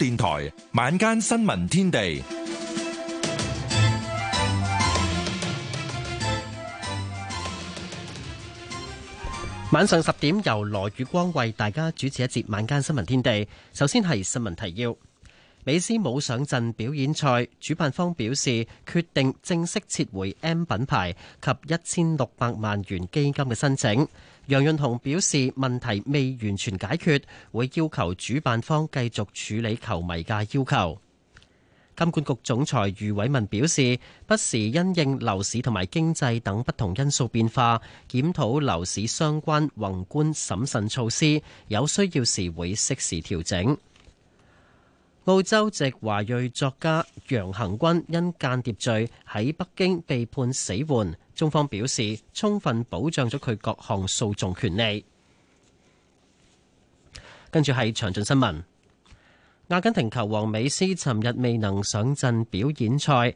電台晚間新聞天地，晚上十點由羅宇光為大家主持一節晚間新聞天地。首先係新聞提要：美斯冇上陣表演賽，主辦方表示決定正式撤回 M 品牌及一千六百萬元基金嘅申請。楊潤雄表示，問題未完全解決，會要求主辦方繼續處理球迷嘅要求。金管局總裁余偉文表示，不時因應樓市同埋經濟等不同因素變化，檢討樓市相關宏觀審慎措施，有需要時會適時調整。澳洲籍華裔作家楊恆均因間諜罪喺北京被判死緩。中方表示，充分保障咗佢各項訴訟權利。跟住係詳盡新聞，阿根廷球王美斯尋日未能上陣表演賽。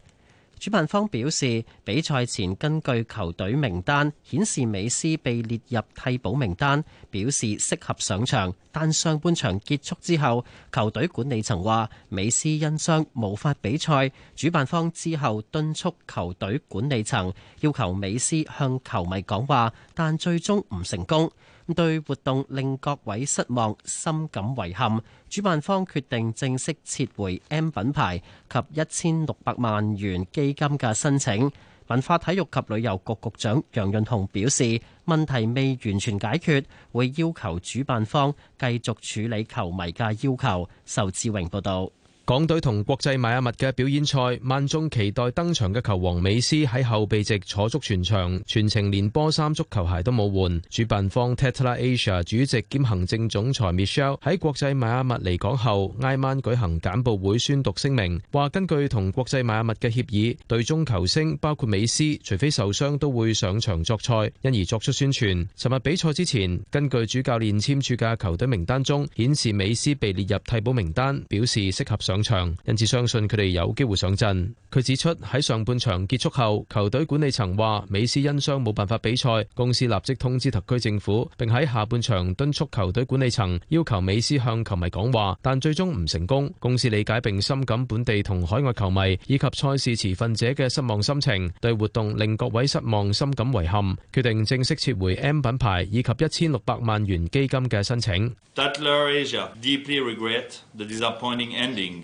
主辦方表示，比賽前根據球隊名單顯示，美斯被列入替補名單，表示適合上場。但上半場結束之後，球隊管理層話美斯因傷無法比賽。主辦方之後敦促球隊管理層要求美斯向球迷講話，但最終唔成功。對活動令各位失望，深感遺憾。主辦方決定正式撤回 M 品牌及一千六百萬元基金嘅申請。文化體育及旅遊局局局長楊潤雄表示，問題未完全解決，會要求主辦方繼續處理球迷嘅要求。仇志榮報道。港隊同國際邁阿密嘅表演賽，萬眾期待登場嘅球王美斯喺後備席坐足全場，全程連波衫、足球鞋都冇換。主辦方 Tatler Asia 主席兼行政總裁 Michelle 喺國際邁阿密嚟港後，挨晚舉行簡報會宣讀聲明，話根據同國際邁阿密嘅協議，隊中球星包括美斯，除非受傷都會上場作賽，因而作出宣傳。尋日比賽之前，根據主教練簽署嘅球隊名單中顯示，美斯被列入替補名單，表示適合上上場，因此相信佢哋有機會上陣。佢指出，喺上半場結束後，球隊管理層話美斯因傷冇辦法比賽，公司立即通知特區政府，並喺下半場敦促球隊管理層要求美斯向球迷講話，但最終唔成功。公司理解並深感本地同海外球迷以及賽事持份者嘅失望心情，對活動令各位失望深感遺憾，決定正式撤回 M 品牌以及一千六百萬元基金嘅申請。Tottenham Asia deeply regret the disappointing ending.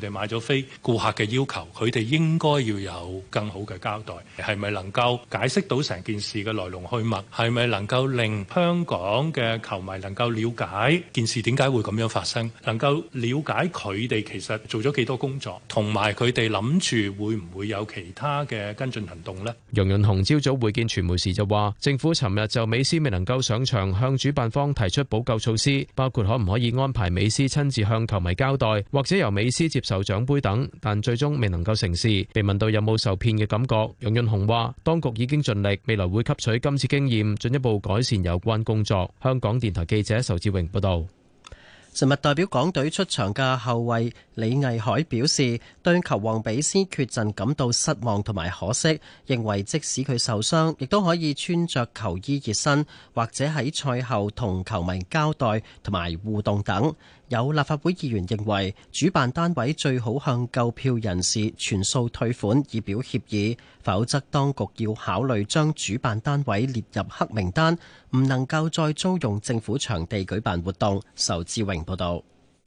佢哋買咗飛，顧客嘅要求，佢哋應該要有更好嘅交代，係咪能夠解釋到成件事嘅來龍去脈？係咪能夠令香港嘅球迷能夠了解件事點解會咁樣發生？能夠了解佢哋其實做咗幾多工作，同埋佢哋諗住會唔會有其他嘅跟進行動咧？楊潤雄朝早會見傳媒時就話：政府尋日就美斯未能夠上場，向主辦方提出補救措施，包括可唔可以安排美斯親自向球迷交代，或者由美斯接。受獎杯等，但最終未能夠成事。被問到有冇受騙嘅感覺，楊潤雄話：當局已經盡力，未來會吸取今次經驗，進一步改善有關工作。香港電台記者仇志榮報道。神物代表港隊出場嘅後衛李毅凱表示，對球王比斯缺陣感到失望同埋可惜，認為即使佢受傷，亦都可以穿着球衣熱身，或者喺賽後同球迷交代同埋互動等。有立法會議員認為，主辦單位最好向購票人士全數退款，以表歉意。否則，當局要考慮將主辦單位列入黑名單，唔能夠再租用政府場地舉辦活動。仇志榮報道。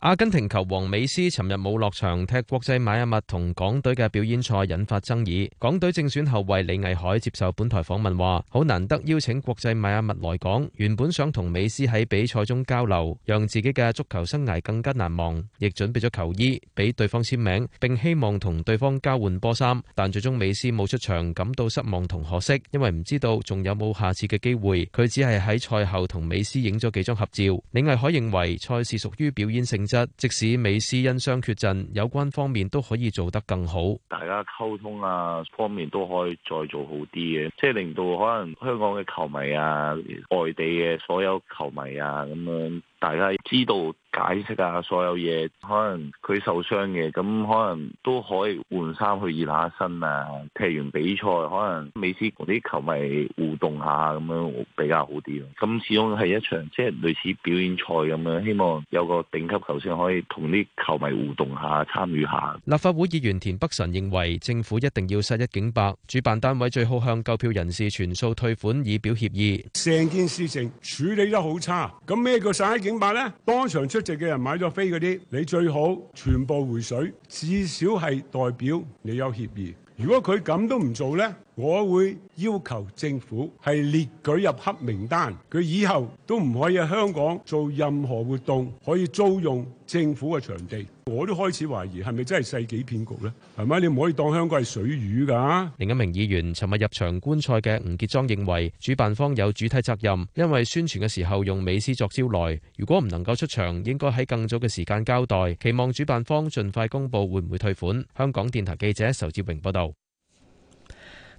阿根廷球王美斯尋日冇落場踢國際邁阿密同港隊嘅表演賽引發爭議，港隊正選後衞李藝海接受本台訪問，話好難得邀請國際邁阿密來港，原本想同美斯喺比賽中交流，讓自己嘅足球生涯更加難忘。亦準備咗球衣俾對方簽名，並希望同對方交換波衫。但最終美斯冇出場，感到失望同可惜，因為唔知道仲有冇下次嘅機會，佢只係喺賽後同美斯影咗幾張合照。李藝海認為賽事屬於表演性即使美斯因傷缺陣，有關方面都可以做得更好。大家溝通啊，方面都可以再做好啲嘅，即係令到可能香港嘅球迷啊，外地嘅所有球迷啊，咁樣。大家知道解釋啊，所有嘢可能佢受傷嘅，咁可能都可以換衫去熱下身啊。踢完比賽，可能美斯嗰啲球迷互動下咁樣比較好啲咯。咁始終係一場即係類似表演賽咁樣，希望有個頂級球星可以同啲球迷互動下、參與下。立法會議員田北辰認為政府一定要殺一儆百，主辦單位最好向購票人士全數退款以表歉意。成件事情處理得好差，咁咩叫殺一咁嘛咧，當場出席嘅人買咗飛嗰啲，你最好全部回水，至少係代表你有協議。如果佢咁都唔做咧？我會要求政府係列舉入黑名單，佢以後都唔可以喺香港做任何活動，可以租用政府嘅場地。我都開始懷疑係咪真係世紀騙局呢？係咪你唔可以當香港係水魚㗎、啊？另一名議員尋日入場觀賽嘅吳傑莊認為，主辦方有主體責任，因為宣傳嘅時候用美斯作招來，如果唔能夠出場，應該喺更早嘅時間交代。期望主辦方盡快公佈會唔會退款。香港電台記者仇志榮報道。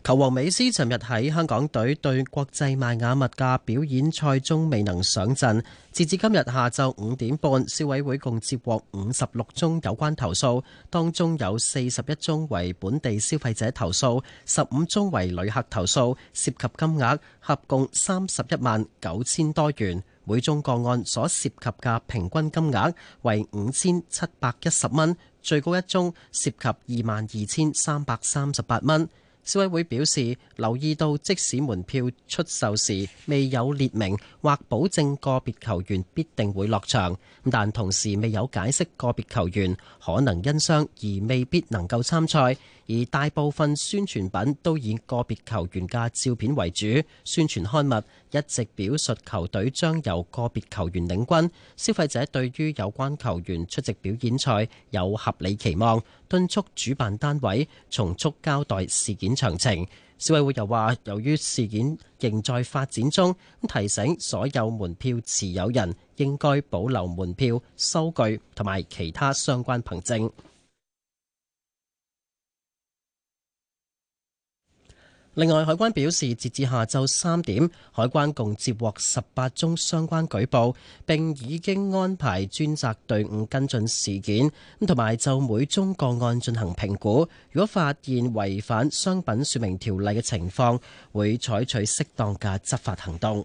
球王美斯尋日喺香港隊對國際邁阿密嘅表演賽中未能上陣。截至今日下晝五點半，消委會共接獲五十六宗有關投訴，當中有四十一宗為本地消費者投訴，十五宗為旅客投訴，涉及金額合共三十一萬九千多元，每宗個案所涉及嘅平均金額為五千七百一十蚊，最高一宗涉及二萬二千三百三十八蚊。消委會表示，留意到即使門票出售時未有列明或保證個別球員必定會落場，但同時未有解釋個別球員可能因傷而未必能夠參賽。而大部分宣傳品都以個別球員嘅照片為主，宣傳刊物一直表述球隊將由個別球員領軍，消費者對於有關球員出席表演賽有合理期望，敦促主辦單位從速交代事件詳情。消委會又話由於事件仍在發展中，提醒所有門票持有人應該保留門票收據同埋其他相關憑證。另外，海關表示，截至下晝三點，海關共接獲十八宗相關舉報，並已經安排專責隊伍跟進事件，同埋就每宗個案進行評估。如果發現違反商品說明條例嘅情況，會採取適當嘅執法行動。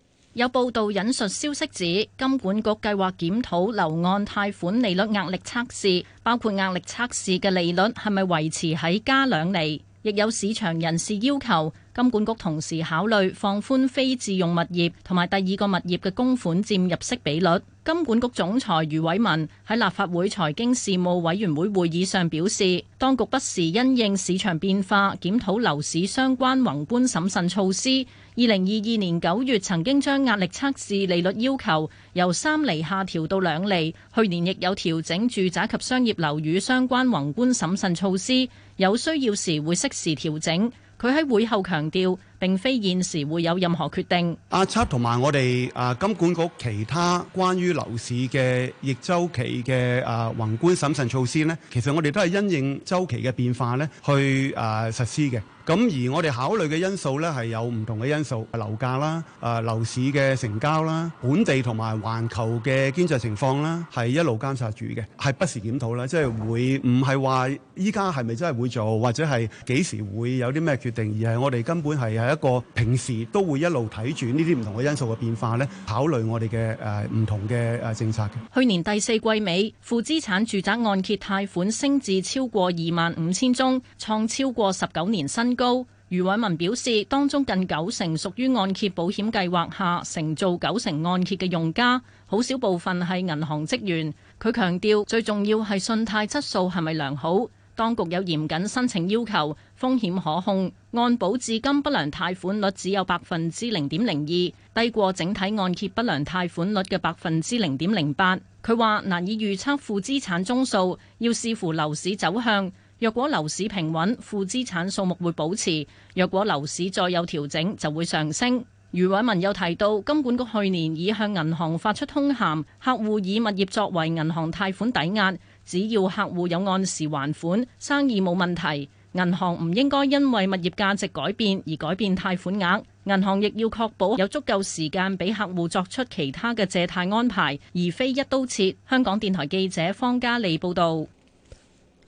有報道引述消息指，金管局計劃檢討樓按貸款利率壓力測試，包括壓力測試嘅利率係咪維持喺加兩厘。亦有市場人士要求金管局同時考慮放寬非自用物業同埋第二個物業嘅供款佔入息比率。金管局總裁余偉文喺立法會財經事務委員會會議上表示，當局不時因應市場變化，檢討樓市相關宏觀審慎措施。二零二二年九月曾經將壓力測試利率要求由三厘下調到兩厘，去年亦有調整住宅及商業樓宇相關宏觀審慎措施。有需要時會適時調整。佢喺會後強調，並非現時會有任何決定。阿七，同埋我哋啊金管局其他關於樓市嘅逆周期嘅啊宏觀審慎措施咧，其實我哋都係因應周期嘅變化咧去誒實施嘅。咁而我哋考慮嘅因素咧係有唔同嘅因素，樓價啦、啊樓市嘅成交啦、本地同埋環球嘅經濟情況啦，係一路監察住嘅，係不時檢討啦，即係會唔係話依家係咪真係會做，或者係幾時會有啲咩決定，而係我哋根本係喺。一個平時都會一路睇住呢啲唔同嘅因素嘅變化咧，考慮我哋嘅誒唔同嘅誒政策嘅。去年第四季尾，負資產住宅按揭貸款升至超過二萬五千宗，創超過十九年新高。余偉文表示，當中近九成屬於按揭保險計劃下承造九成按揭嘅用家，好少部分係銀行職員。佢強調，最重要係信貸質素係咪良好。當局有嚴謹申請要求，風險可控，按保至今不良貸款率只有百分之零點零二，低過整體按揭不良貸款率嘅百分之零點零八。佢話難以預測負資產宗數，要視乎樓市走向。若果樓市平穩，負資產數目會保持；若果樓市再有調整，就會上升。余偉文又提到，金管局去年已向銀行發出通函，客戶以物業作為銀行貸款抵押。只要客戶有按時還款，生意冇問題，銀行唔應該因為物業價值改變而改變貸款額。銀行亦要確保有足夠時間俾客戶作出其他嘅借貸安排，而非一刀切。香港電台記者方嘉利報道。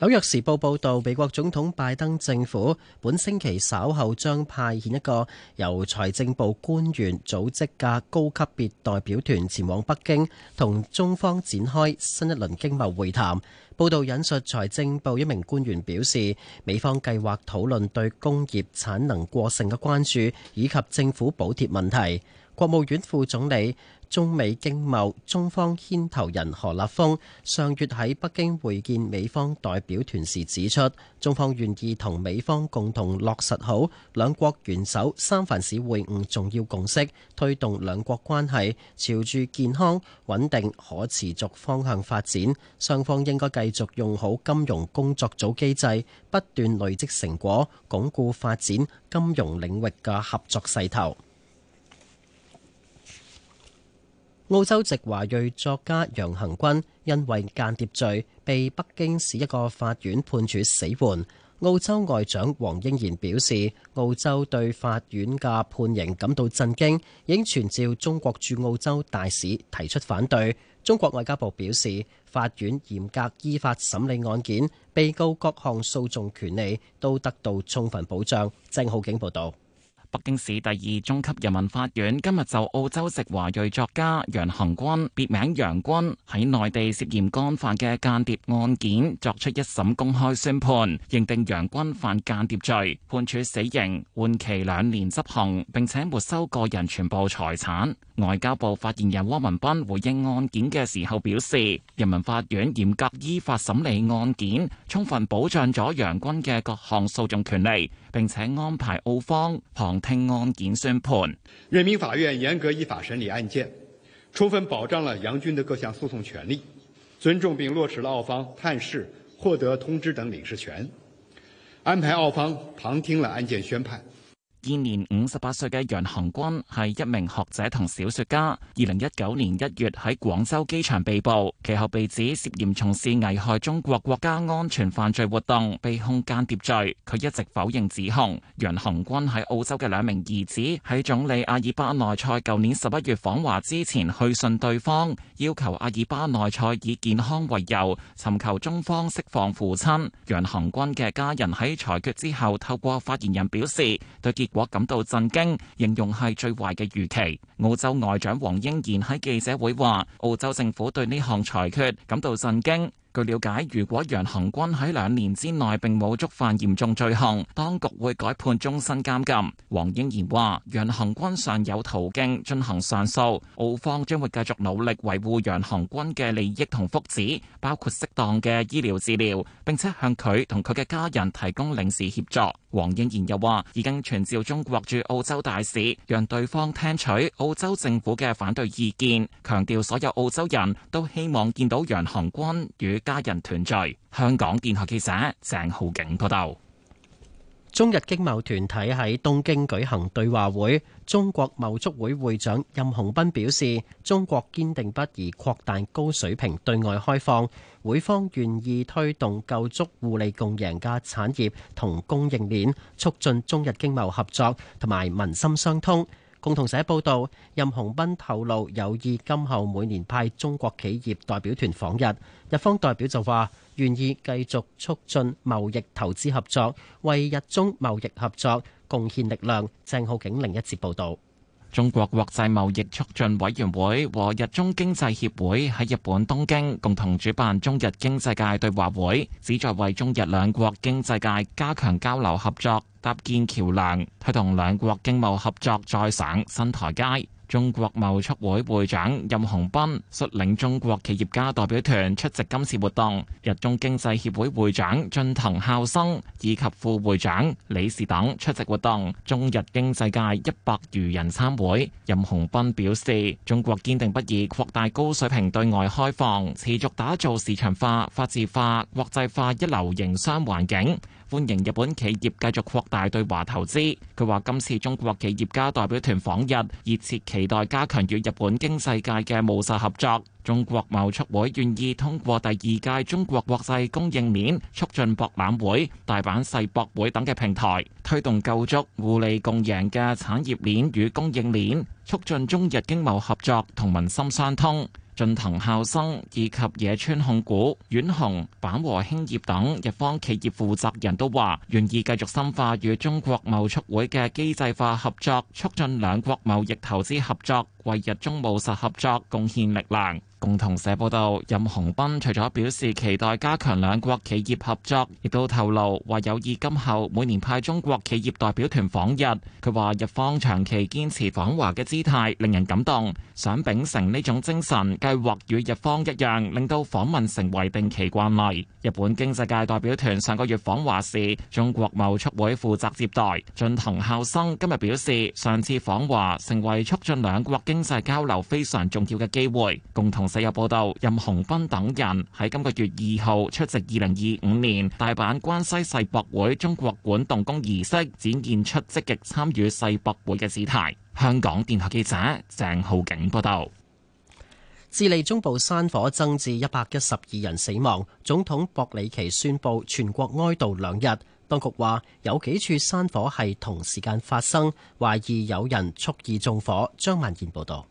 紐約時報報道，美國總統拜登政府本星期稍後將派遣一個由財政部官員組織嘅高級別代表團前往北京，同中方展開新一輪經貿會談。報道引述財政部一名官員表示，美方計劃討論對工業產能過剩嘅關注以及政府補貼問題。國務院副總理。中美經貿中方牽頭人何立峰上月喺北京會見美方代表團時指出，中方願意同美方共同落實好兩國元首三藩市會晤重要共識，推動兩國關係朝住健康穩定可持續方向發展。雙方應該繼續用好金融工作組機制，不斷累積成果，鞏固發展金融領域嘅合作勢頭。澳洲籍華裔作家楊恒均因為間諜罪被北京市一個法院判處死緩。澳洲外長黃英賢表示，澳洲對法院嘅判刑感到震驚，已傳召中國駐澳洲大使提出反對。中國外交部表示，法院嚴格依法審理案件，被告各項訴訟權利都得到充分保障。鄭浩景報道。北京市第二中級人民法院今日就澳洲籍華裔作家楊恆軍（別名楊軍）喺內地涉嫌干犯嘅間諜案件作出一審公開宣判，認定楊軍犯間諜罪，判處死刑，緩期兩年執行，並且沒收個人全部財產。外交部發言人汪文斌回應案件嘅時候表示，人民法院嚴格依法審理案件，充分保障咗楊軍嘅各項訴訟權利，並且安排澳方旁聽案件宣判。人民法院嚴格依法審理案件，充分保障了楊軍的各項訴訟權利，尊重並落實了澳方探視、獲得通知等領事權，安排澳方旁聽了案件宣判。現年五十八歲嘅楊恆均係一名學者同小說家。二零一九年一月喺廣州機場被捕，其後被指涉嫌從事危害中國國家安全犯罪活動，被控間諜罪。佢一直否認指控。楊恆均喺澳洲嘅兩名兒子喺總理阿爾巴內塞舊年十一月訪華之前去信對方，要求阿爾巴內塞以健康為由尋求中方釋放父親。楊恆均嘅家人喺裁決之後透過發言人表示，對結。國感到震驚，形容係最壞嘅預期。澳洲外長黃英賢喺記者會話：澳洲政府對呢項裁決感到震驚。據了解，如果楊恆均喺兩年之內並冇觸犯嚴重罪行，當局會改判終身監禁。黃英賢話：楊恆均尚有途徑進行上訴，澳方將會繼續努力維護楊恆均嘅利益同福祉，包括適當嘅醫療治療，並且向佢同佢嘅家人提供領事協助。黃英賢又話，已經傳召中國駐澳洲大使，讓對方聽取澳洲政府嘅反對意見，強調所有澳洲人都希望見到楊恒均與家人團聚。香港電台記者鄭浩景報道。多多中日經貿團體喺東京舉行對話會，中國貿促會會長任洪斌表示：中國堅定不移擴大高水平對外開放，會方願意推動構築互利共贏嘅產業同供應鏈，促進中日經貿合作同埋民心相通。共同社報道，任鴻斌透露有意今後每年派中國企業代表團訪日，日方代表就話願意繼續促進貿易投資合作，為日中貿易合作貢獻力量。鄭浩景另一節報道。中國國際貿易促進委員會和日中經濟協會喺日本東京共同主辦中日經濟界對話會，旨在為中日兩國經濟界加強交流合作，搭建橋樑，推動兩國經貿合作再上新台階。中國貿促會會長任鴻斌率領中國企業家代表團出席今次活動，日中經濟協會會長進藤孝生以及副會長理事等出席活動。中日經濟界一百餘人參會。任鴻斌表示，中國堅定不移擴大高水平對外開放，持續打造市場化、法治化、國際化一流營商環境。歡迎日本企業繼續擴大對華投資。佢話今次中國企業家代表團訪日，熱切期待加強與日本經濟界嘅務實合作。中國貿促會願意通過第二屆中國國際供應鏈促進博覽會、大阪世博會等嘅平台，推動構築互利共贏嘅產業鏈與供應鏈，促進中日經貿合作同民心相通。進藤孝生以及野村控股、丸紅、板和興業等日方企業負責人都話，願意繼續深化與中國貿促會嘅機制化合作，促進兩國貿易投資合作，為日中務實合作貢獻力量。共同社報道，任鴻斌除咗表示期待加強兩國企業合作，亦都透露話有意今後每年派中國企業代表團訪日。佢話日方長期堅持訪華嘅姿態令人感動，想秉承呢種精神，計劃與日方一樣，令到訪問成為定期慣例。日本經濟界代表團上個月訪華時，中國貿促會負責接待。進藤孝生今日表示，上次訪華成為促進兩國經濟交流非常重要嘅機會，共同。有報道，任洪斌等人喺今個月二號出席二零二五年大阪關西世博會中國館動工儀式，展現出積極參與世博會嘅姿態。香港電台記者鄭浩景報道。智利中部山火增至一百一十二人死亡，總統博里奇宣布全國哀悼兩日。當局話有幾處山火係同時間發生，懷疑有人蓄意縱火。張萬賢報道。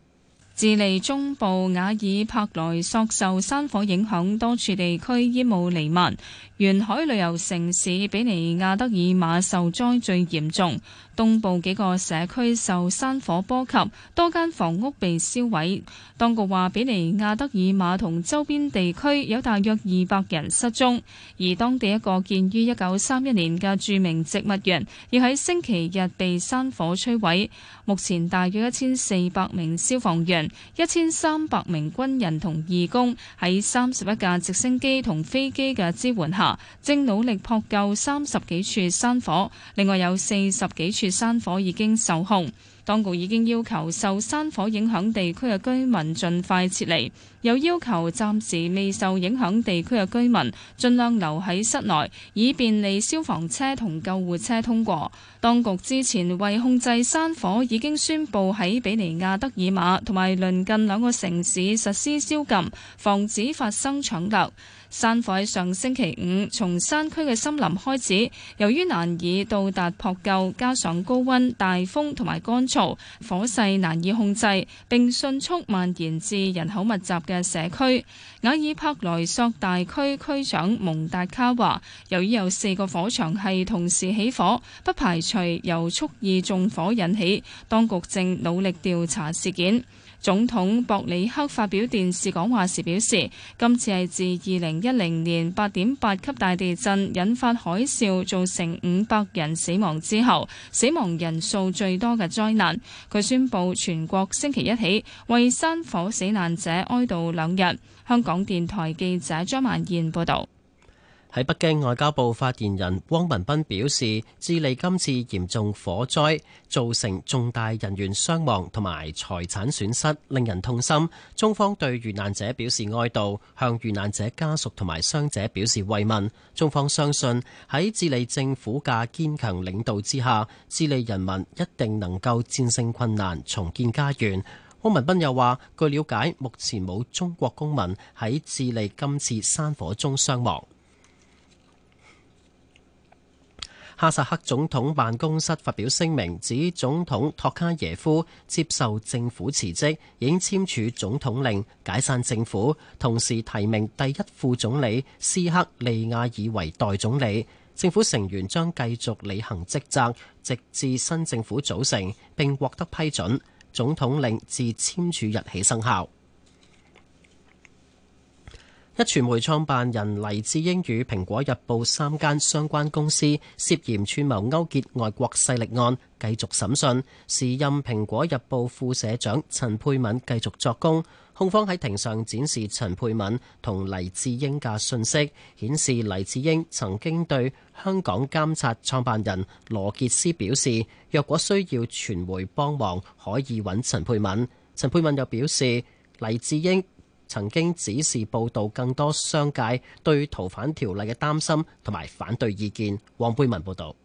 智利中部瓦爾帕萊索受山火影響，多處地區煙霧瀰漫。沿海旅遊城市比尼亞德爾馬受災最嚴重。東部幾個社區受山火波及，多間房屋被燒毀。當局話，比尼亞德爾馬同周邊地區有大約二百人失蹤，而當地一個建於一九三一年嘅著名植物園亦喺星期日被山火摧毀。目前大約一千四百名消防員、一千三百名軍人同義工喺三十一架直升機同飛機嘅支援下，正努力撲救三十幾處山火，另外有四十幾處住山火已經受控，當局已經要求受山火影響地區嘅居民盡快撤離，又要求暫時未受影響地區嘅居民盡量留喺室內，以便利消防車同救護車通過。當局之前為控制山火，已經宣布喺比尼亞德爾馬同埋鄰近兩個城市實施宵禁，防止發生搶掠。山火喺上星期五從山區嘅森林開始，由於難以到達撲救，加上高溫、大風同埋乾燥，火勢難以控制，並迅速蔓延至人口密集嘅社區，瓦爾帕萊索大區區長蒙達卡話，由於有四個火場係同時起火，不排除由蓄意縱火引起，當局正努力調查事件。總統博里克發表電視講話時表示，今次係自二零一零年八點八級大地震引發海嘯造成五百人死亡之後，死亡人數最多嘅災難。佢宣布全國星期一起為山火死難者哀悼兩日。香港電台記者張萬燕報導。喺北京，外交部發言人汪文斌表示，智利今次嚴重火災造成重大人員傷亡同埋財產損失，令人痛心。中方對遇難者表示哀悼，向遇難者家屬同埋傷者表示慰問，中方相信喺智利政府嘅堅強領導之下，智利人民一定能夠戰勝困難重建家園，汪文斌又話，據了解，目前冇中國公民喺智利今次山火中傷亡。哈薩克總統辦公室發表聲明，指總統托卡耶夫接受政府辭職，已經簽署總統令解散政府，同時提名第一副總理斯克利亞爾為代總理。政府成員將繼續履行職責，直至新政府組成並獲得批准。總統令自簽署日起生效。一傳媒創辦人黎智英與蘋果日報三間相關公司涉嫌串謀勾結外國勢力案，繼續審訊。時任蘋果日報副社長陳佩敏繼續作供。控方喺庭上展示陳佩敏同黎智英嘅訊息，顯示黎智英曾經對香港監察創辦人羅傑斯表示，若果需要傳媒幫忙，可以揾陳佩敏。陳佩敏又表示，黎智英曾經指示報導更多商界對逃犯條例嘅擔心同埋反對意見，黃貝文報導。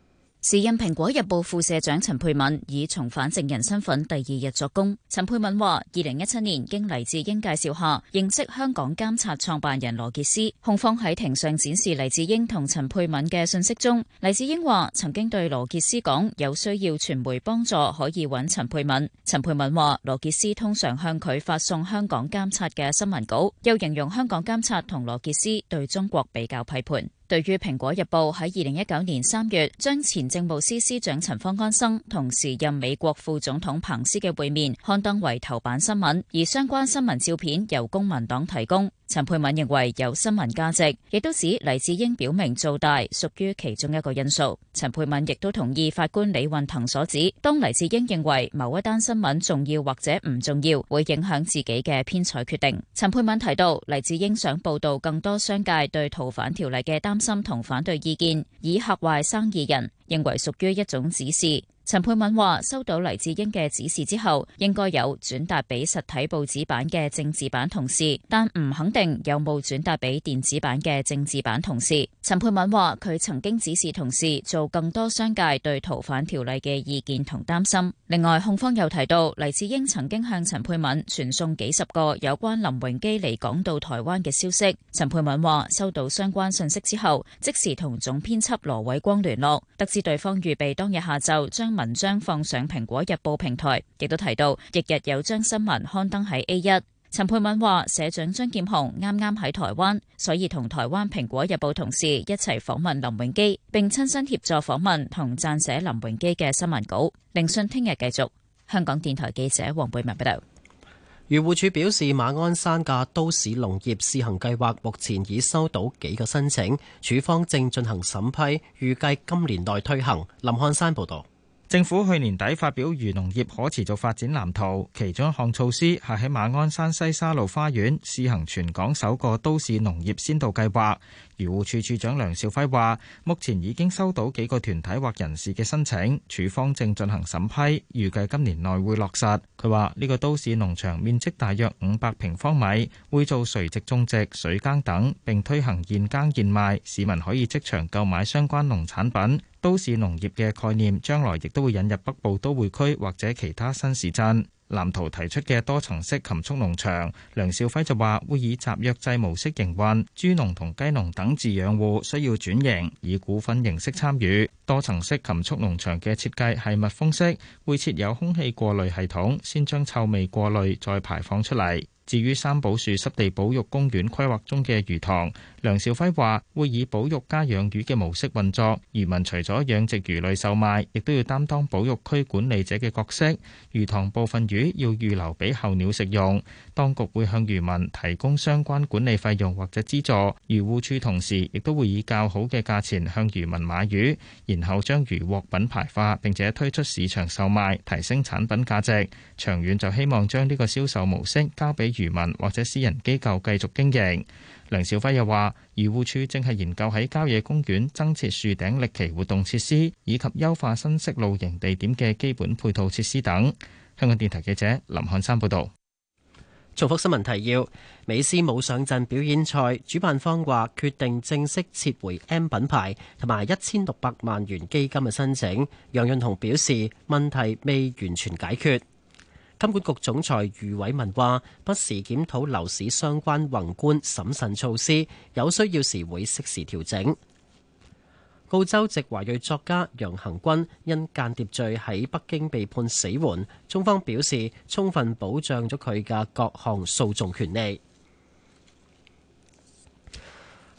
時任蘋果日報副社長陳佩敏以重返證人身份第二日作供。陳佩敏話，二零一七年經黎智英介紹下認識香港監察創辦人羅傑斯。控方喺庭上展示黎智英同陳佩敏嘅訊息中，黎智英話曾經對羅傑斯講，有需要傳媒幫助可以揾陳佩敏。陳佩敏話羅傑斯通常向佢發送香港監察嘅新聞稿，又形容香港監察同羅傑斯對中國比較批判。對於《蘋果日報》喺二零一九年三月將前政務司司長陳方安生同時任美國副總統彭斯嘅會面刊登為頭版新聞，而相關新聞照片由公民黨提供。陳佩敏認為有新聞價值，亦都指黎智英表明做大屬於其中一個因素。陳佩敏亦都同意法官李運騰所指，當黎智英認為某一單新聞重要或者唔重要，會影響自己嘅編採決定。陳佩敏提到，黎智英想報道更多商界對逃犯條例嘅擔心同反對意見，以嚇壞生意人，認為屬於一種指示。陳佩敏話：收到黎智英嘅指示之後，應該有轉達俾實體報紙版嘅政治版同事，但唔肯定有冇轉達俾電子版嘅政治版同事。陳佩敏話：佢曾經指示同事做更多商界對逃犯條例嘅意見同擔心。另外，控方又提到，黎智英曾經向陳佩敏傳送幾十個有關林榮基離港到台灣嘅消息。陳佩敏話：收到相關信息之後，即時同總編輯羅偉光聯絡，得知對方預備當日下晝將。文章放上《蘋果日報》平台，亦都提到，翌日有將新聞刊登喺 A 一。陳佩敏話：社長張劍虹啱啱喺台灣，所以同台灣《蘋果日報》同事一齊訪問林榮基，並親身協助訪問同撰寫林榮基嘅新聞稿。聆訊聽日繼續。香港電台記者黃佩文報道。漁護署表示，馬鞍山嘅都市農業試行計劃目前已收到幾個申請，署方正進行審批，預計今年內推行。林漢山報道。政府去年底發表《漁農業可持續發展藍圖》，其中一項措施係喺馬鞍山西沙路花園試行全港首個都市農業先導計劃。漁護署署長梁肇輝話，目前已經收到幾個團體或人士嘅申請，處方正進行審批，預計今年內會落實。佢話呢個都市農場面積大約五百平方米，會做垂直種植、水耕等，並推行現耕現賣，市民可以即場購買相關農產品。都市農業嘅概念將來亦都會引入北部都會區或者其他新市鎮。藍圖提出嘅多層式禽畜農場，梁少輝就話會以集約制模式營運，豬農同雞農等飼養戶需要轉型，以股份形式參與。多層式禽畜農場嘅設計係密封式，會設有空氣過濾系統，先將臭味過濾，再排放出嚟。至於三寶樹濕地保育公園規劃中嘅魚塘，梁兆輝話會以保育加養魚嘅模式運作，漁民除咗養殖魚類售賣，亦都要擔當保育區管理者嘅角色。魚塘部分魚要預留俾候鳥食用，當局會向漁民提供相關管理費用或者資助。漁護處同時亦都會以較好嘅價錢向漁民買魚，然後將魚獲品牌化並且推出市場售賣，提升產品價值。長遠就希望將呢個銷售模式交俾漁民或者私人機構繼續經營。梁兆輝又話：漁護署正係研究喺郊野公園增設樹頂歷奇活動設施，以及優化新式露營地點嘅基本配套設施等。香港電台記者林漢山報導。重複新聞提要：美斯冇上陣表演賽，主辦方話決定正式撤回 M 品牌同埋一千六百萬元基金嘅申請。楊潤雄表示問題未完全解決。金管局總裁余偉文話：不時檢討樓市相關宏觀審慎措施，有需要時會適時調整。澳洲籍華裔作家楊恆均因間諜罪喺北京被判死緩，中方表示充分保障咗佢嘅各項訴訟權利。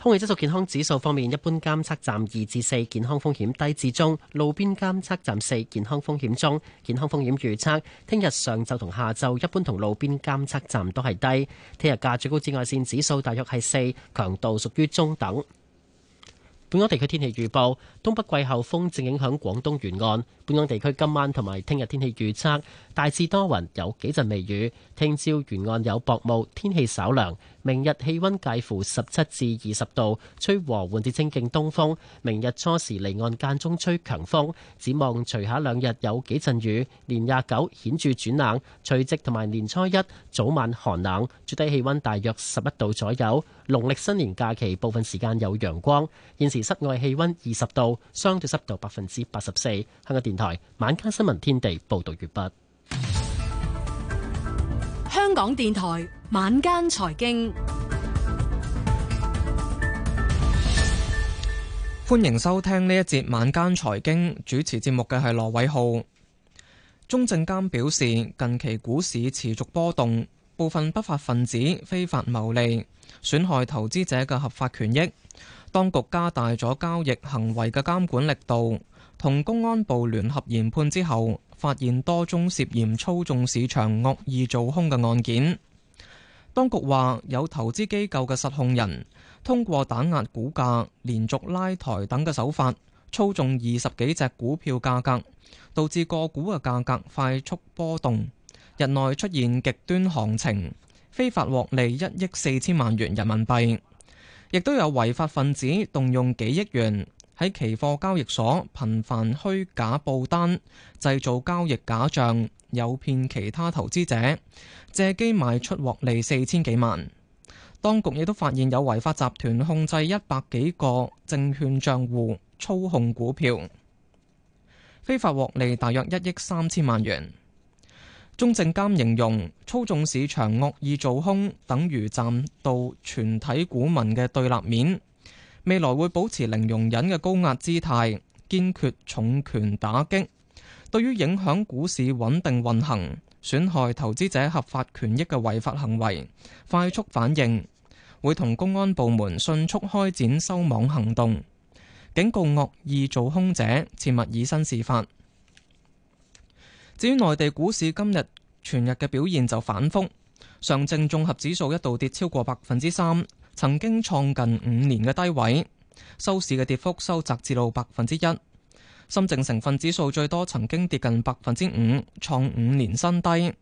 空氣質素健康指數方面，一般監測站二至四，健康風險低至中；路邊監測站四，健康風險中。健康風險預測聽日上晝同下晝一般同路邊監測站都係低。聽日嘅最高紫外線指數大約係四，強度屬於中等。本港地區天氣預報，東北季候風正影響廣東沿岸。本港地區，今晚同埋聽日天氣預測大致多雲，有幾陣微雨。聽朝沿岸有薄霧，天氣稍涼，明日氣溫介乎十七至二十度，吹和緩至清勁東風，明日初時離岸間中吹強風，展望除下兩日有幾陣雨，年廿九顯著轉冷，除夕同埋年初一早晚寒冷，最低氣溫大約十一度左右。農曆新年假期部分時間有陽光。現時。室外氣溫二十度，相對濕度百分之八十四。香港電台晚間新聞天地報道完畢。香港電台晚間財經，歡迎收聽呢一節晚間財經，主持節目嘅係羅偉浩。中證監表示，近期股市持續波動，部分不法分子非法牟利，損害投資者嘅合法權益。當局加大咗交易行為嘅監管力度，同公安部聯合研判之後，發現多宗涉嫌操縱市場、惡意做空嘅案件。當局話，有投資機構嘅實控人通過打壓股價、連續拉抬等嘅手法，操縱二十幾隻股票價格，導致個股嘅價格快速波動，日內出現極端行情，非法獲利一億四千萬元人民幣。亦都有違法分子動用幾億元喺期貨交易所頻繁虛假報單，製造交易假象，誘騙其他投資者，借機賣出獲利四千幾萬。當局亦都發現有違法集團控制一百幾個證券帳戶，操控股票，非法獲利大約一億三千萬元。中證監形容操縱市場、惡意做空，等於站到全體股民嘅對立面。未來會保持零容忍嘅高壓姿態，堅決重拳打擊。對於影響股市穩定運行、損害投資者合法權益嘅違法行為，快速反應，會同公安部門迅速開展收網行動，警告惡意做空者切勿以身試法。至於內地股市今日全日嘅表現就反覆，上證綜合指數一度跌超過百分之三，曾經創近五年嘅低位，收市嘅跌幅收窄至到百分之一。深證成分指數最多曾經跌近百分之五，創五年新低。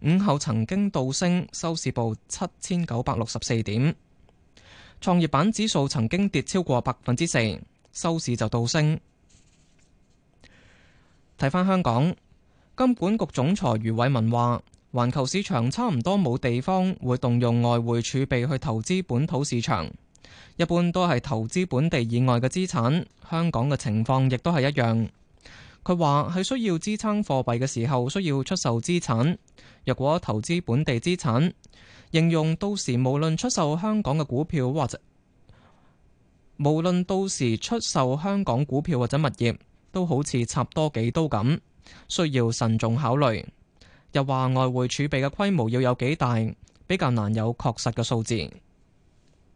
午後曾經倒升，收市報七千九百六十四點。創業板指數曾經跌超過百分之四，收市就倒升。睇返香港。金管局總裁余偉文話：環球市場差唔多冇地方會動用外匯儲備去投資本土市場，一般都係投資本地以外嘅資產。香港嘅情況亦都係一樣。佢話喺需要支撐貨幣嘅時候，需要出售資產。若果投資本地資產，形容到時無論出售香港嘅股票或者無論到時出售香港股票或者物業，都好似插多幾刀咁。需要慎重考慮，又話外匯儲備嘅規模要有幾大，比較難有確實嘅數字。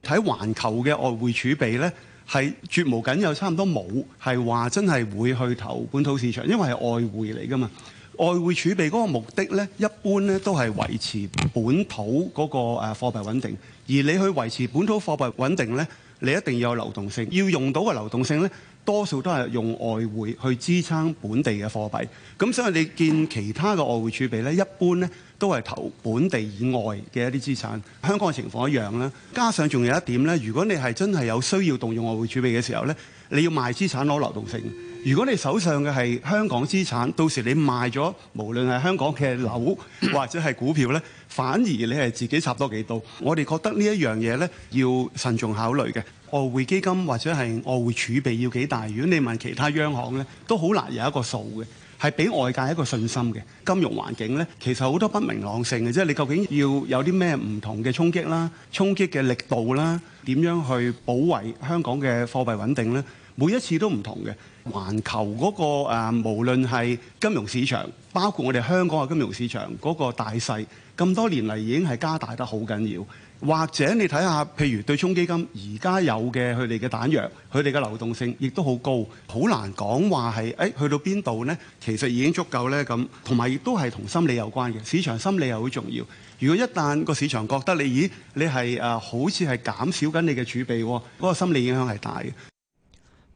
睇環球嘅外匯儲備呢，係絕無僅有，差唔多冇，係話真係會去投本土市場，因為係外匯嚟㗎嘛。外匯儲備嗰個目的呢，一般呢都係維持本土嗰個誒貨幣穩定，而你去維持本土貨幣穩定呢。你一定要有流動性，要用到嘅流動性呢，多數都係用外匯去支撐本地嘅貨幣。咁所以你見其他嘅外匯儲備呢，一般呢都係投本地以外嘅一啲資產。香港嘅情況一樣啦。加上仲有一點呢，如果你係真係有需要動用外匯儲備嘅時候呢，你要賣資產攞流動性。如果你手上嘅係香港資產，到時你賣咗，無論係香港嘅樓或者係股票咧，反而你係自己插多幾刀。我哋覺得呢一樣嘢咧要慎重考慮嘅。外匯基金或者係外匯儲備要幾大？如果你問其他央行咧，都好難有一個數嘅，係俾外界一個信心嘅金融環境咧。其實好多不明朗性嘅，即係你究竟要有啲咩唔同嘅衝擊啦、衝擊嘅力度啦、點樣去保衞香港嘅貨幣穩定咧？每一次都唔同嘅。環球嗰、那個誒、啊，無論係金融市場，包括我哋香港嘅金融市場嗰個大勢，咁多年嚟，已經係加大得好緊要。或者你睇下，譬如對沖基金而家有嘅佢哋嘅彈藥，佢哋嘅流動性亦都好高，好難講話係誒去到邊度呢？其實已經足夠呢。咁同埋亦都係同心理有關嘅，市場心理又好重要。如果一旦個市場覺得你，咦，你係誒、啊、好似係減少緊你嘅儲備，嗰、那個心理影響係大嘅。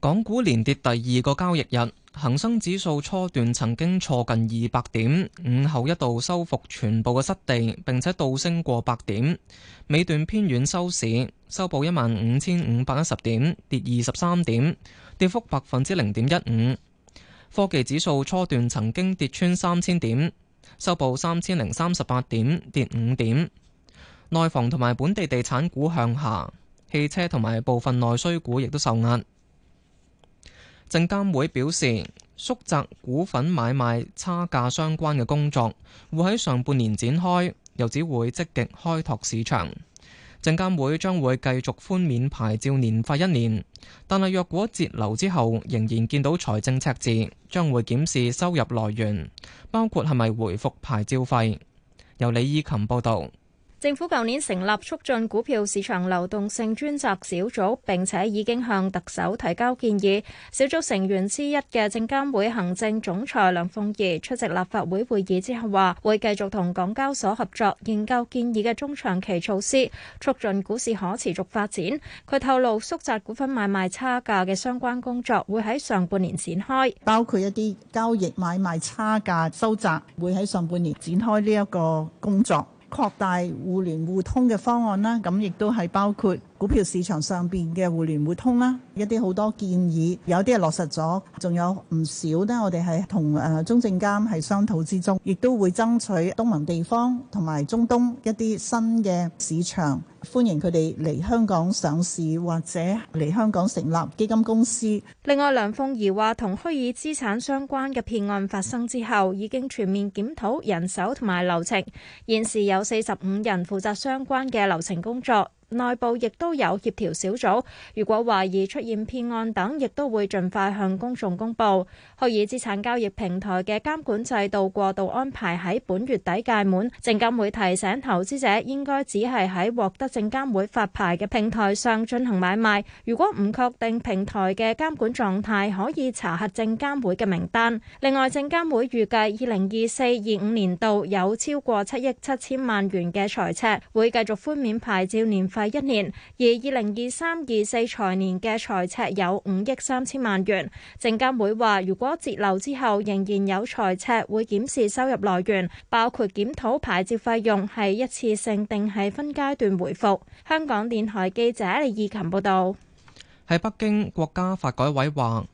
港股連跌第二個交易日，恒生指數初段曾經挫近二百點，午後一度收復全部嘅失地，並且倒升過百點，尾段偏軟收市，收報一萬五千五百一十點，跌二十三點，跌幅百分之零點一五。科技指數初段曾經跌穿三千點，收報三千零三十八點，跌五點。內房同埋本地地產股向下，汽車同埋部分內需股亦都受壓。證監會表示，縮窄股份買賣差價相關嘅工作會喺上半年展開，又指會積極開拓市場。證監會將會繼續寬免牌照年費一年，但係若果節流之後仍然見到財政赤字，將會檢視收入來源，包括係咪回復牌照費，由李依琴報道。政府舊年成立促進股票市場流動性專責小組，並且已經向特首提交建議。小組成員之一嘅證監會行政總裁梁鳳儀出席立法會會議之後話，會繼續同港交所合作研究建議嘅中長期措施，促進股市可持續發展。佢透露，縮窄股份買賣差價嘅相關工作會喺上半年展開，包括一啲交易買賣差價收窄，會喺上半年展開呢一個工作。擴大互聯互通嘅方案啦，咁亦都係包括。股票市場上邊嘅互聯互通啦，一啲好多建議，有啲係落實咗，仲有唔少咧。我哋係同誒中證監係商討之中，亦都會爭取東盟地方同埋中東一啲新嘅市場，歡迎佢哋嚟香港上市或者嚟香港成立基金公司。另外，梁鳳儀話：同虛擬資產相關嘅騙案發生之後，已經全面檢討人手同埋流程，現時有四十五人負責相關嘅流程工作。內部亦都有協調小組，如果懷疑出現騙案等，亦都會盡快向公眾公佈。虛擬資產交易平台嘅監管制度過渡安排喺本月底屆滿，證監會提醒投資者應該只係喺獲得證監會發牌嘅平台上進行買賣。如果唔確定平台嘅監管狀態，可以查核證監會嘅名單。另外，證監會預計二零二四二五年度有超過七億七千萬元嘅財赤，會繼續寬免牌照年費。係一年，而二零二三二四財年嘅財赤有五億三千萬元。證監會話，如果節流之後仍然有財赤，會檢視收入來源，包括檢討牌照費用係一次性定係分階段回復。香港電台記者李義勤報道。喺北京，國家發改委話。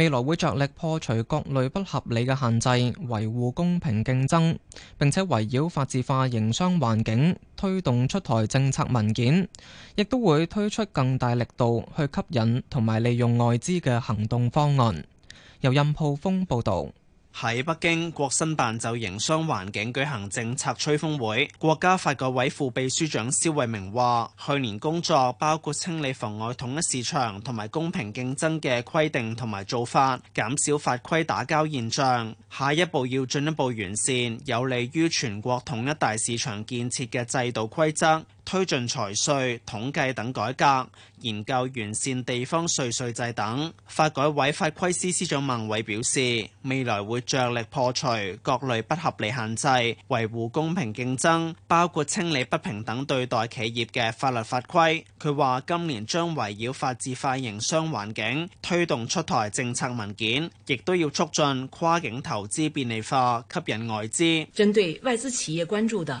未來會着力破除各類不合理嘅限制，維護公平競爭，並且圍繞法治化營商環境，推動出台政策文件，亦都會推出更大力度去吸引同埋利用外資嘅行動方案。由任浩峰報道。喺北京，國新辦就營商環境舉行政策吹風會。國家發改委副秘書長肖蔚明話，去年工作包括清理妨礙統一市場同埋公平競爭嘅規定同埋做法，減少法規打交現象。下一步要進一步完善，有利於全國統一大市場建設嘅制度規則。推進財稅、統計等改革，研究完善地方稅稅制等。發改委法規司司長孟偉表示，未來會着力破除各類不合理限制，維護公平競爭，包括清理不平等對待企業嘅法律法規。佢話今年將圍繞法治化營商環境，推動出台政策文件，亦都要促進跨境投資便利化，吸引外資。針對外資企業關注的，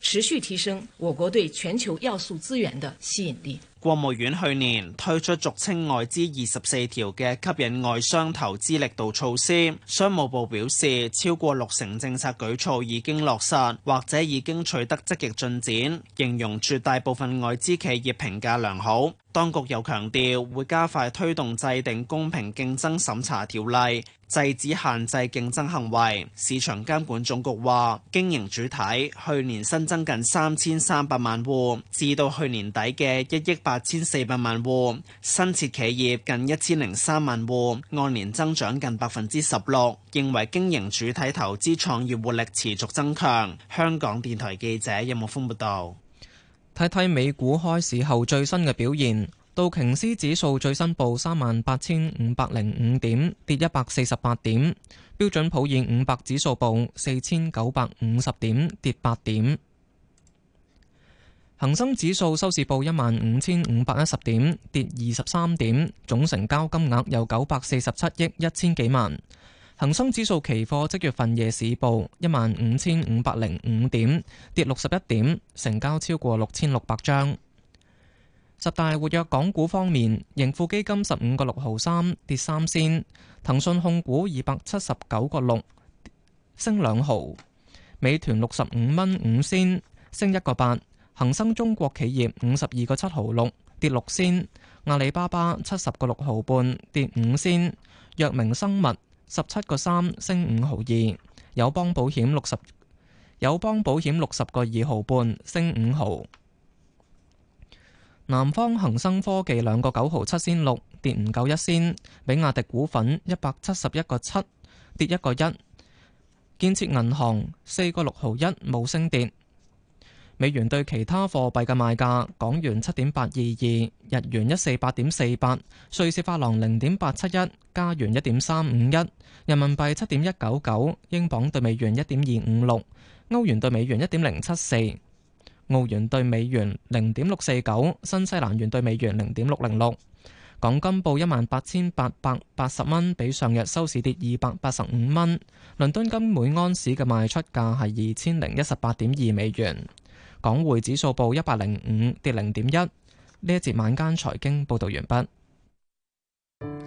持續提升我國對全球要素資源的吸引力。國務院去年推出俗稱外資二十四條嘅吸引外商投資力度措施，商務部表示，超過六成政策舉措已經落實或者已經取得積極進展，形容絕大部分外資企業評價良好。當局又強調會加快推動制定公平競爭審查條例。制止限制競爭行為，市場監管總局話，經營主體去年新增近三千三百萬戶，至到去年底嘅一億八千四百萬戶，新設企業近一千零三萬戶，按年增長近百分之十六，認為經營主體投資創業活力持續增強。香港電台記者任木峰報道。睇睇美股開市後最新嘅表現。道瓊斯指數最新報三萬八千五百零五點，跌一百四十八點；標準普爾五百指數報四千九百五十點，跌八點；恒生指數收市報一萬五千五百一十點，跌二十三點；總成交金額有九百四十七億一千幾萬。恒生指數期貨即月份夜市報一萬五千五百零五點，跌六十一點，成交超過六千六百張。十大活躍港股方面，盈富基金十五個六毫三跌三仙，騰訊控股二百七十九個六升兩毫，美團六十五蚊五仙升一個八，恒生中國企業五十二個七毫六跌六仙，阿里巴巴七十個六毫半跌五仙，藥明生物十七個三升五毫二，友邦保險六十友邦保險六十個二毫半升五毫。南方恒生科技兩個九毫七仙六跌唔夠一仙，比亞迪股份一百七十一個七跌一個一，建設銀行四個六毫一冇升跌。美元對其他貨幣嘅賣價：港元七點八二二，日元一四八點四八，瑞士法郎零點八七一，加元一點三五一，人民幣七點一九九，英鎊兌美元一點二五六，歐元兌美元一點零七四。澳元兌美元零點六四九，新西蘭元兌美元零點六零六。港金報一萬八千八百八十蚊，比上日收市跌二百八十五蚊。倫敦金每安士嘅賣出價係二千零一十八點二美元。港匯指數報一百零五，跌零點一。呢一節晚間財經報導完畢，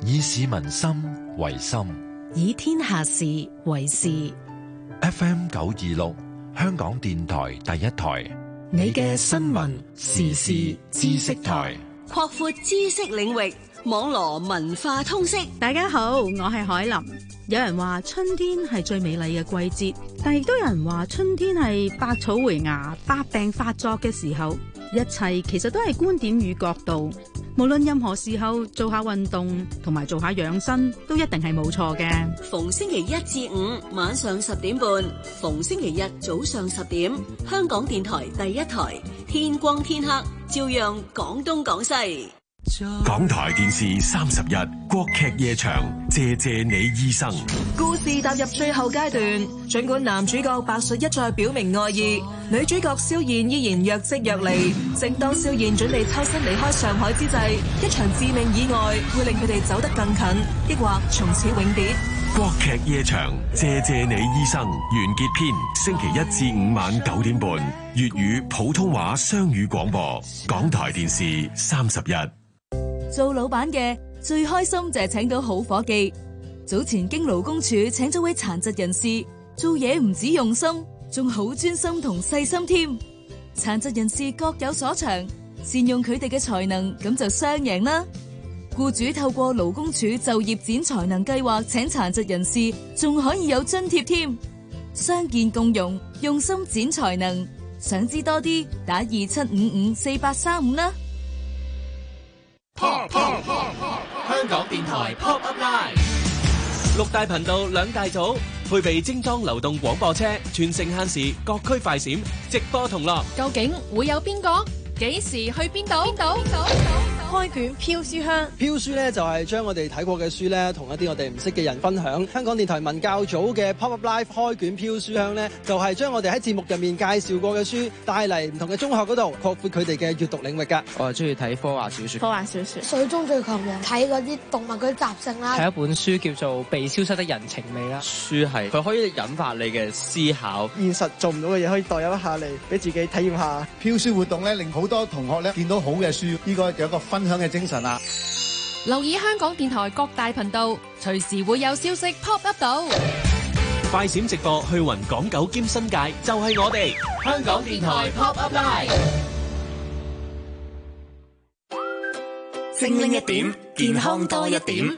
以市民心為心，以天下事為事。FM 九二六，香港電台第一台。你嘅新聞時事知識台，擴闊知識領域，網羅文化通識。大家好，我係海林。有人話春天係最美麗嘅季節，但亦都有人話春天係百草回芽、百病發作嘅時候。一切其實都係觀點與角度。無論任何時候做下運動同埋做下養生都一定係冇錯嘅。逢星期一至五晚上十點半，逢星期日早上十點，香港電台第一台天光天黑，照樣講東講西。港台電視三十一，國劇夜場，謝謝你醫生。故事踏入最後階段，盡管男主角白術一再表明愛意，女主角肖硯依然若即若離。正當肖硯準備抽身離開上海之際，一場致命意外會令佢哋走得更近，抑或從此永別？國劇夜場，謝謝你醫生完結篇。星期一至五晚九點半，粵語普通話雙語廣播。港台電視三十一。做老闆嘅最開心就係請到好伙計。早前經勞工處請咗位殘疾人士做嘢，唔止用心，仲好專心同細心添。殘疾人士各有所長，善用佢哋嘅才能，咁就雙贏啦。僱主透過勞工處就業展才能計劃請殘疾人士，仲可以有津貼添。相見共融，用心展才能。想知多啲，打二七五五四八三五啦。Pop Pop Pop Pop！香港電台 Pop Up Live，六大頻道兩大組，配備精裝流動廣播車，全城限時，各區快閃，直播同樂。究竟會有邊個？幾時去邊度？開卷飄書香，飄書咧就係、是、將我哋睇過嘅書咧，同一啲我哋唔識嘅人分享。香港電台文教組嘅 Pop Up Life 開卷飄書香咧，就係、是、將我哋喺節目入面介紹過嘅書帶嚟唔同嘅中學嗰度，擴闊佢哋嘅閱讀領域噶。我係中意睇科幻小說，科幻小說，水中最強人，睇嗰啲動物嗰啲習性啦。睇一本書叫做《被消失的人情味》啦，書係佢可以引發你嘅思考，現實做唔到嘅嘢可以代入一下嚟，俾自己體驗下。飄書活動咧，令好多同學咧見到好嘅書，呢、這個有一個分。影響嘅精神啦！留意香港電台各大頻道，隨時會有消息 pop up 到。快閃直播去雲港九兼新界，就係我哋香港電台 pop up live。年齡一點，健康多一點。